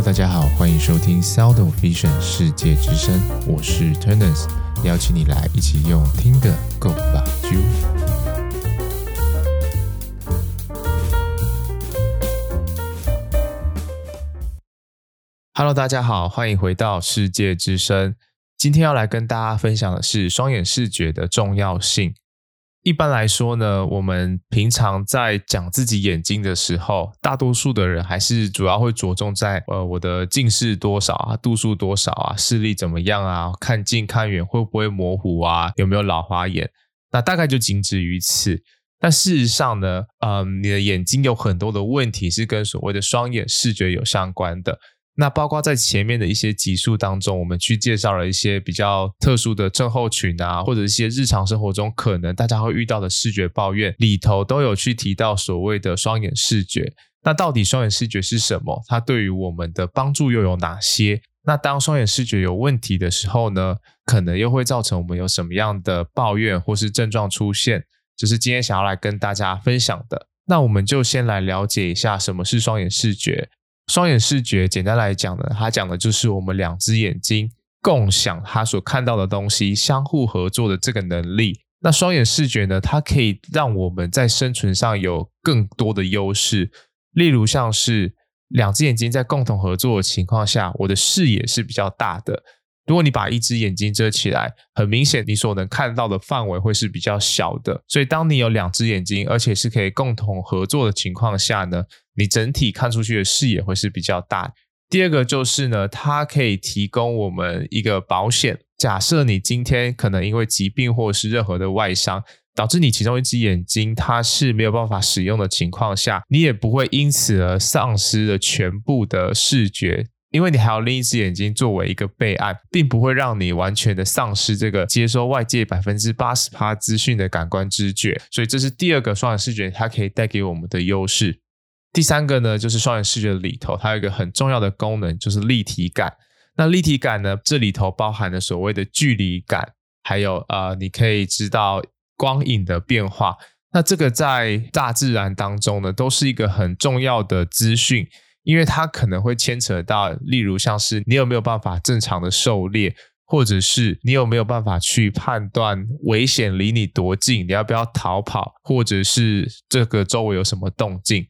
Hello，大家好，歡迎收聽 Sound of Vision 世界之聲，我是 Turners，邀請你來一起用聽的 Go 吧，啾！Hello，大家好，歡迎回到世界之聲，今天要來跟大家分享的是雙眼視覺的重要性。一般來說呢，我們平常在講自己眼睛的時候，大多數的人還是主要會着重在呃，我的近視多少啊，度數多少啊，視力怎麼樣啊，看近看遠會不會模糊啊，有沒有老花眼，那大概就僅止於此。但事實上呢，嗯、呃，你的眼睛有很多的問題是跟所謂的雙眼視覺有相關的。那包括在前面的一些集數當中，我們去介紹了一些比較特殊的症候群啊，或者一些日常生活中可能大家會遇到的視覺抱怨裡頭，都有去提到所謂的雙眼視覺。那到底雙眼視覺是什麼？它對於我們的幫助又有哪些？那當雙眼視覺有問題的時候呢，可能又會造成我們有什麼樣的抱怨或是症狀出現？這就是今天想要來跟大家分享的。那我們就先來了解一下什麼是雙眼視覺。雙眼視覺簡單來講呢，它講的就是我們兩隻眼睛共享它所看到的東西，相互合作的這個能力。那雙眼視覺呢，它可以讓我們在生存上有更多的優勢。例如像是兩隻眼睛在共同合作的情況下，我的視野是比較大的。如果你把一隻眼睛遮起來，很明顯你所能看到的範圍會是比較小的。所以，當你有兩只眼睛，而且是可以共同合作的情況下呢，你整體看出去的視野會是比較大。第二個就是呢，它可以提供我們一個保險。假設你今天可能因為疾病或者是任何的外傷，導致你其中一只眼睛它是沒有辦法使用的情況下，你也不會因此而喪失了全部的視覺。因為你還有另一隻眼睛作為一個備案，並不會讓你完全的喪失這個接收外界百分之八十趴資訊的感官知覺，所以這是第二個雙眼視覺，它可以帶給我們的優勢。第三個呢，就是雙眼視覺裡頭，它有一個很重要的功能，就是立體感。那立體感呢，這裡頭包含了所謂的距離感，還有，呃，你可以知道光影的變化。那這個在大自然當中呢，都是一個很重要的資訊。因為它可能會牽扯到，例如像是你有沒有辦法正常的狩獵，或者是你有沒有辦法去判斷危險離你多近，你要不要逃跑，或者是這個周圍有什麼動靜。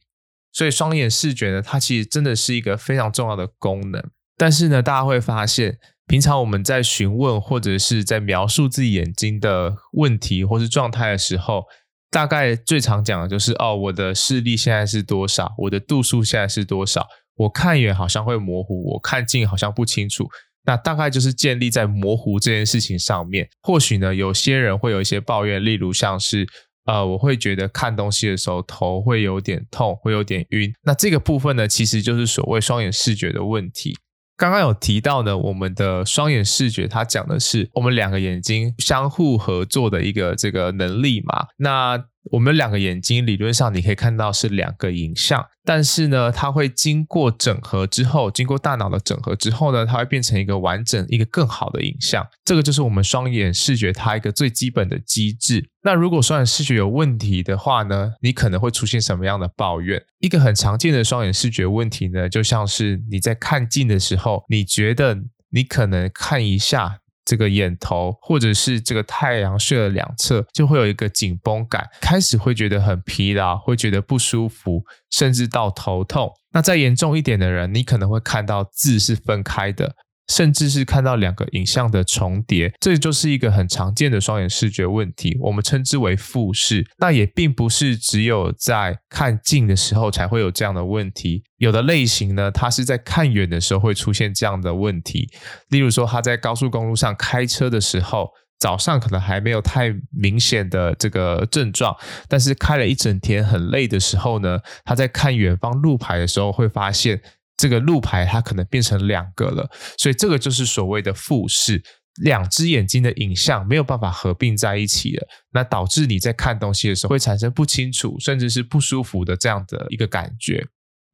所以雙眼視覺呢，它其實真的是一個非常重要的功能。但是呢，大家會發現，平常我們在詢問或者是在描述自己眼睛的問題或是狀態的時候。大概最常講的就是哦，我的視力現在是多少？我的度數現在是多少？我看遠好像會模糊，我看近好像不清楚。那大概就是建立在模糊這件事情上面。或許呢，有些人會有一些抱怨，例如像是呃，我會覺得看東西的時候頭會有點痛，會有點暈。那這個部分呢，其實就是所謂雙眼視覺的問題。剛剛有提到呢，我們的雙眼視覺，它講的是我們兩個眼睛相互合作的一個這個能力嘛。那。我們兩個眼睛理論上你可以看到是兩個影像，但是呢，它會經過整合之後，經過大腦的整合之後呢，它會變成一個完整、一個更好的影像。這個就是我們雙眼視覺它一個最基本的機制。那如果雙眼視覺有問題的話呢，你可能會出現什麼樣的抱怨？一個很常見的雙眼視覺問題呢，就像是你在看近的時候，你覺得你可能看一下。這個眼頭，或者是這個太陽穴的兩側，就會有一個緊繃感，開始會覺得很疲勞，會覺得不舒服，甚至到頭痛。那再嚴重一點的人，你可能會看到字是分開的。甚至是看到兩個影像的重疊，這就是一個很常見的雙眼視覺問題，我們稱之為複視。那也並不是只有在看近的時候才會有這樣的問題，有的類型呢，它是在看遠的時候會出現這樣的問題。例如說，他在高速公路上開車的時候，早上可能還沒有太明顯的這個症狀，但是開了一整天很累的時候呢，他在看遠方路牌的時候會發現。這個路牌它可能變成兩個了，所以這個就是所謂的複視，兩只眼睛的影像沒有辦法合併在一起了，那導致你在看東西的時候會產生不清楚，甚至是不舒服的這樣的一個感覺。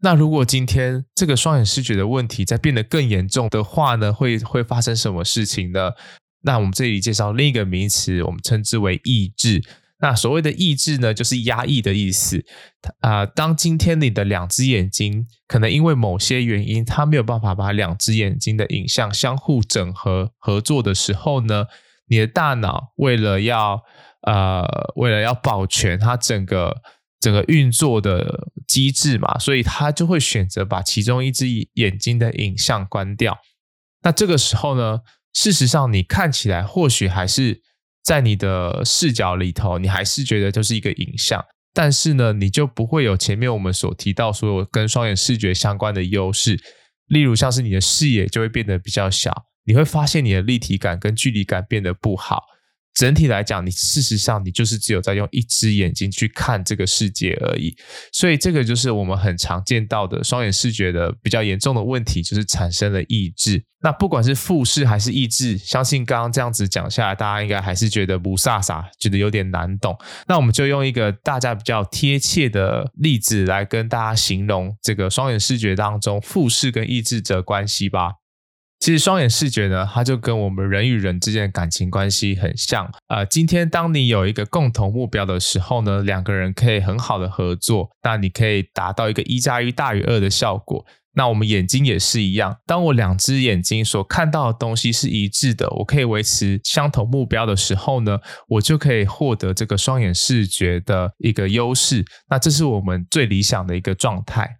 那如果今天這個雙眼視覺的問題再變得更嚴重的話呢，會會發生什麼事情呢？那我們這裡介紹另一個名詞，我們稱之為抑制。那所謂的抑制呢，就是壓抑的意思。啊、呃，當今天你的兩隻眼睛可能因為某些原因，它沒有辦法把兩隻眼睛的影像相互整合合作的時候呢，你的大腦為了要呃，為了要保全它整個整個運作的機制嘛，所以它就會選擇把其中一隻眼睛的影像關掉。那這個時候呢，事實上你看起來或許還是。在你的視角裡頭，你還是覺得就是一個影像，但是呢，你就不會有前面我們所提到所有跟雙眼視覺相關的優勢，例如像是你的視野就會變得比較小，你會發現你的立體感跟距離感變得不好。整體來講，你事實上你就是只有在用一隻眼睛去看這個世界而已，所以這個就是我們很常見到的雙眼視覺的比較嚴重的問題，就是產生了抑制。那不管是複視還是抑制，相信剛剛這樣子講下來，大家應該還是覺得霧煞煞，覺得有點難懂。那我們就用一個大家比較貼切的例子來跟大家形容這個雙眼視覺當中複視跟抑制的關係吧。其實雙眼視覺呢，它就跟我們人與人之間的感情關係很像啊，呃，今天當你有一個共同目標的時候呢，兩個人可以很好的合作，那你可以達到一個一加一大於二的效果。那我們眼睛也是一樣，當我兩只眼睛所看到的東西是一致的，我可以維持相同目標的時候呢，我就可以獲得這個雙眼視覺的一個優勢。那這是我們最理想的一個狀態。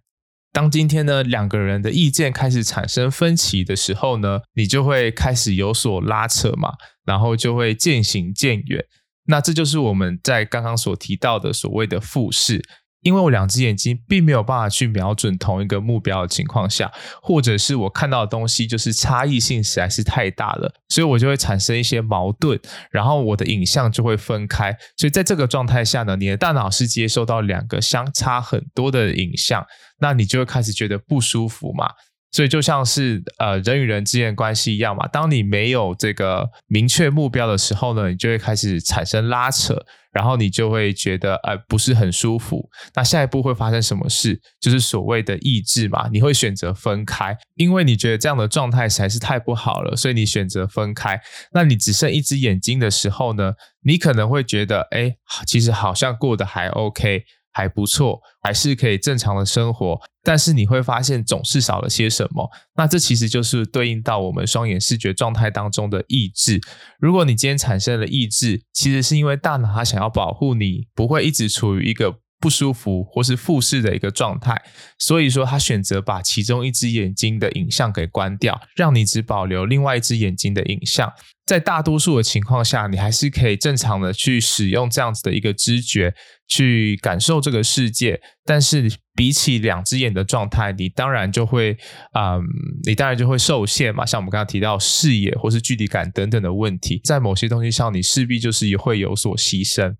當今天呢，兩個人的意見開始產生分歧的時候呢，你就會開始有所拉扯嘛，然後就會漸行漸遠。那這就是我們在剛剛所提到的所謂的複視。因為我兩隻眼睛並沒有辦法去瞄準同一個目標的情況下，或者是我看到的東西就是差異性實在是太大了，所以我就會產生一些矛盾，然後我的影像就會分開。所以在這個狀態下呢，你的大腦是接受到兩個相差很多的影像，那你就會開始覺得不舒服嘛。所以就像是呃人與人之間的關係一樣嘛，當你沒有這個明確目標的時候呢，你就會開始產生拉扯，然後你就會覺得呃不是很舒服。那下一步會發生什麼事？就是所謂的抑制嘛，你會選擇分開，因為你覺得這樣的狀態實在是太不好了，所以你選擇分開。那你只剩一隻眼睛的時候呢，你可能會覺得哎、欸，其實好像過得還 OK，還不錯，還是可以正常的生活。但是你會發現總是少了些什麼，那這其實就是對應到我們雙眼視覺狀態當中的抑制。如果你今天產生了抑制，其實是因為大腦它想要保護你不會一直處於一個不舒服或是複視的一個狀態，所以說它選擇把其中一隻眼睛的影像給關掉，讓你只保留另外一隻眼睛的影像。在大多數的情況下，你還是可以正常的去使用這樣子的一個知覺，去感受這個世界，但是比起兩隻眼的狀態，你當然就會，嗯，你當然就會受限嘛。像我們剛剛提到視野或是距離感等等的問題，在某些東西上，你勢必就是會有所犧牲。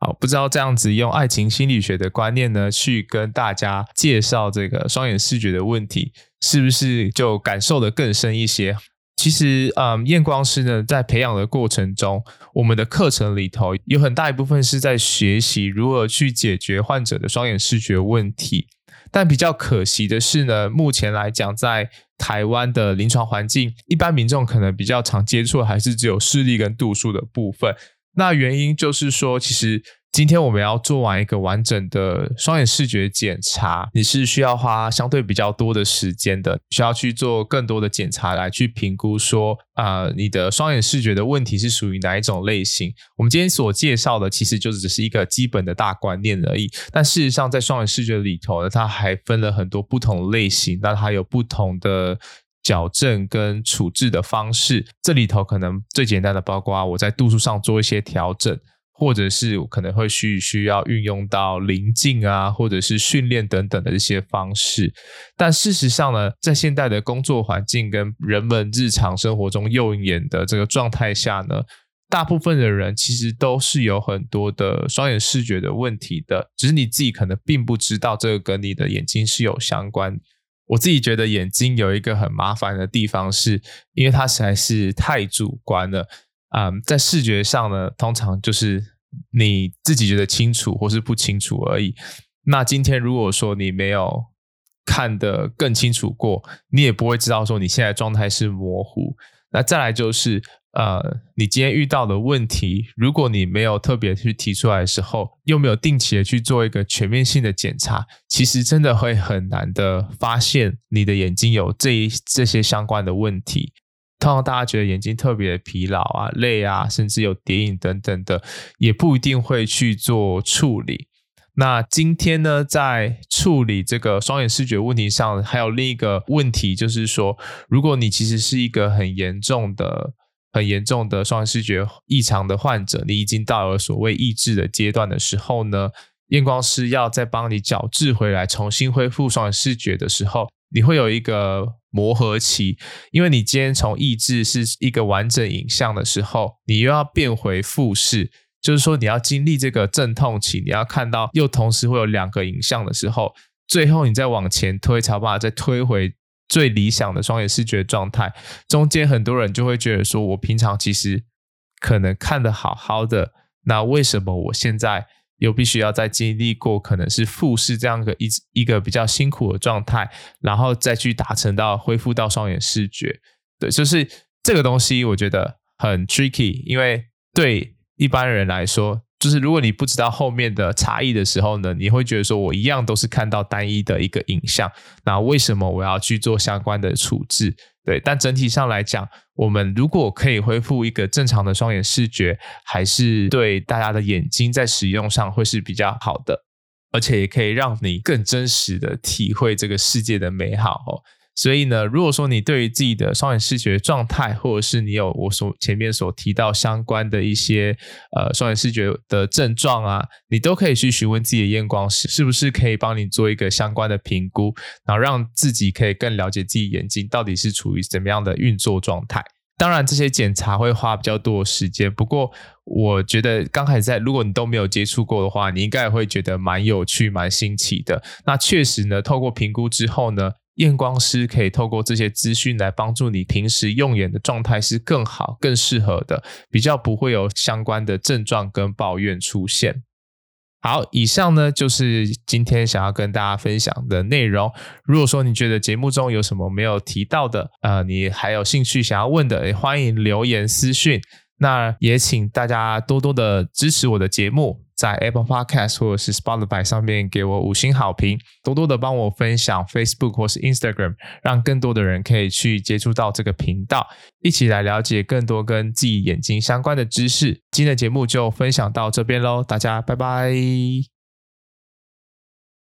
好，不知道這樣子用愛情心理學的觀念呢，去跟大家介紹這個雙眼視覺的問題，是不是就感受得更深一些？其實，嗯，驗光師呢，在培養的過程中，我們的課程裡頭有很大一部分是在學習如何去解決患者的雙眼視覺問題。但比較可惜的是呢，目前來講，在台灣的臨床環境，一般民眾可能比較常接觸還是只有視力跟度數的部分。那原因就是說，其實。今天我們要做完一個完整的雙眼視覺檢查，你是需要花相對比較多的時間的，需要去做更多的檢查來去評估說，啊，你的雙眼視覺的問題是屬於哪一種類型。我們今天所介紹的，其實就只是一個基本的大觀念而已。但事實上，在雙眼視覺裡頭呢，它還分了很多不同類型，那它有不同的矯正跟處置的方式。這裡頭可能最簡單的，包括我在度數上做一些調整。或者是可能會需需要運用到稜鏡啊，或者是訓練等等的一些方式。但事實上呢，在現代的工作環境跟人們日常生活中用眼的這個狀態下呢，大部分的人其實都是有很多的雙眼視覺的問題的，只是你自己可能並不知道這個跟你的眼睛是有相關。我自己覺得眼睛有一個很麻煩的地方是，是因為它實在是太主觀了。啊、嗯，在視覺上呢，通常就是你自己覺得清楚或是不清楚而已。那今天如果說你沒有看得更清楚過，你也不會知道說你現在狀態是模糊。那再來就是，呃，你今天遇到的問題，如果你沒有特別去提出來的時候，又沒有定期的去做一個全面性的檢查，其實真的會很難的發現你的眼睛有這一這些相關的問題。通常大家覺得眼睛特別疲勞啊、累啊，甚至有疊影等等的，也不一定會去做處理。那今天呢，在處理這個雙眼視覺問題上，還有另一個問題，就是說，如果你其實是一個很嚴重的、很嚴重的雙眼視覺異常的患者，你已經到了所謂抑制的階段的時候呢，驗光師要再幫你矯治回來，重新恢復雙眼視覺的時候。你會有一個磨合期，因為你今天從抑制是一個完整影像的時候，你又要變回複視，就是說你要經歷這個陣痛期，你要看到又同時會有兩個影像的時候，最後你再往前推，才有辦法再推回最理想的雙眼視覺狀態。中間很多人就會覺得說，我平常其實可能看得好好的，那為什麼我現在？又必須要再經歷過可能是複視這樣個一一個比較辛苦的狀態，然後再去達成到恢復到雙眼視覺，對，就是這個東西我覺得很 tricky，因為對一般人來說。就是如果你不知道後面的差異的時候呢，你會覺得說，我一樣都是看到單一的一個影像，那為什麼我要去做相關的處置？對，但整體上來講，我們如果可以恢復一個正常的雙眼視覺，還是對大家的眼睛在使用上會是比較好的，而且也可以讓你更真實的體會這個世界的美好。所以呢，如果說你對於自己的雙眼視覺狀態，或者是你有我所前面所提到相關的一些呃雙眼視覺的症狀啊，你都可以去詢問自己的驗光師，是不是可以幫你做一個相關的評估，然後讓自己可以更了解自己眼睛到底是處於怎麼樣的運作狀態。當然，這些檢查會花比較多的時間，不過我覺得剛開始在如果你都沒有接觸過的話，你應該也會覺得蠻有趣、蠻新奇的。那確實呢，透過評估之後呢。驗光師可以透過這些資訊來幫助你平時用眼的狀態是更好、更適合的，比較不會有相關的症狀跟抱怨出現。好，以上呢就是今天想要跟大家分享的內容。如果說你覺得節目中有什麼沒有提到的，呃，你還有興趣想要問的，也歡迎留言私訊。那也請大家多多的支持我的節目。在 Apple Podcast 或者是 Spotify 上面給我五星好評，多多的幫我分享 Facebook 或是 Instagram，讓更多的人可以去接觸到這個頻道，一起來了解更多跟自己眼睛相關的知識。今天的節目就分享到這邊嘍，大家拜拜。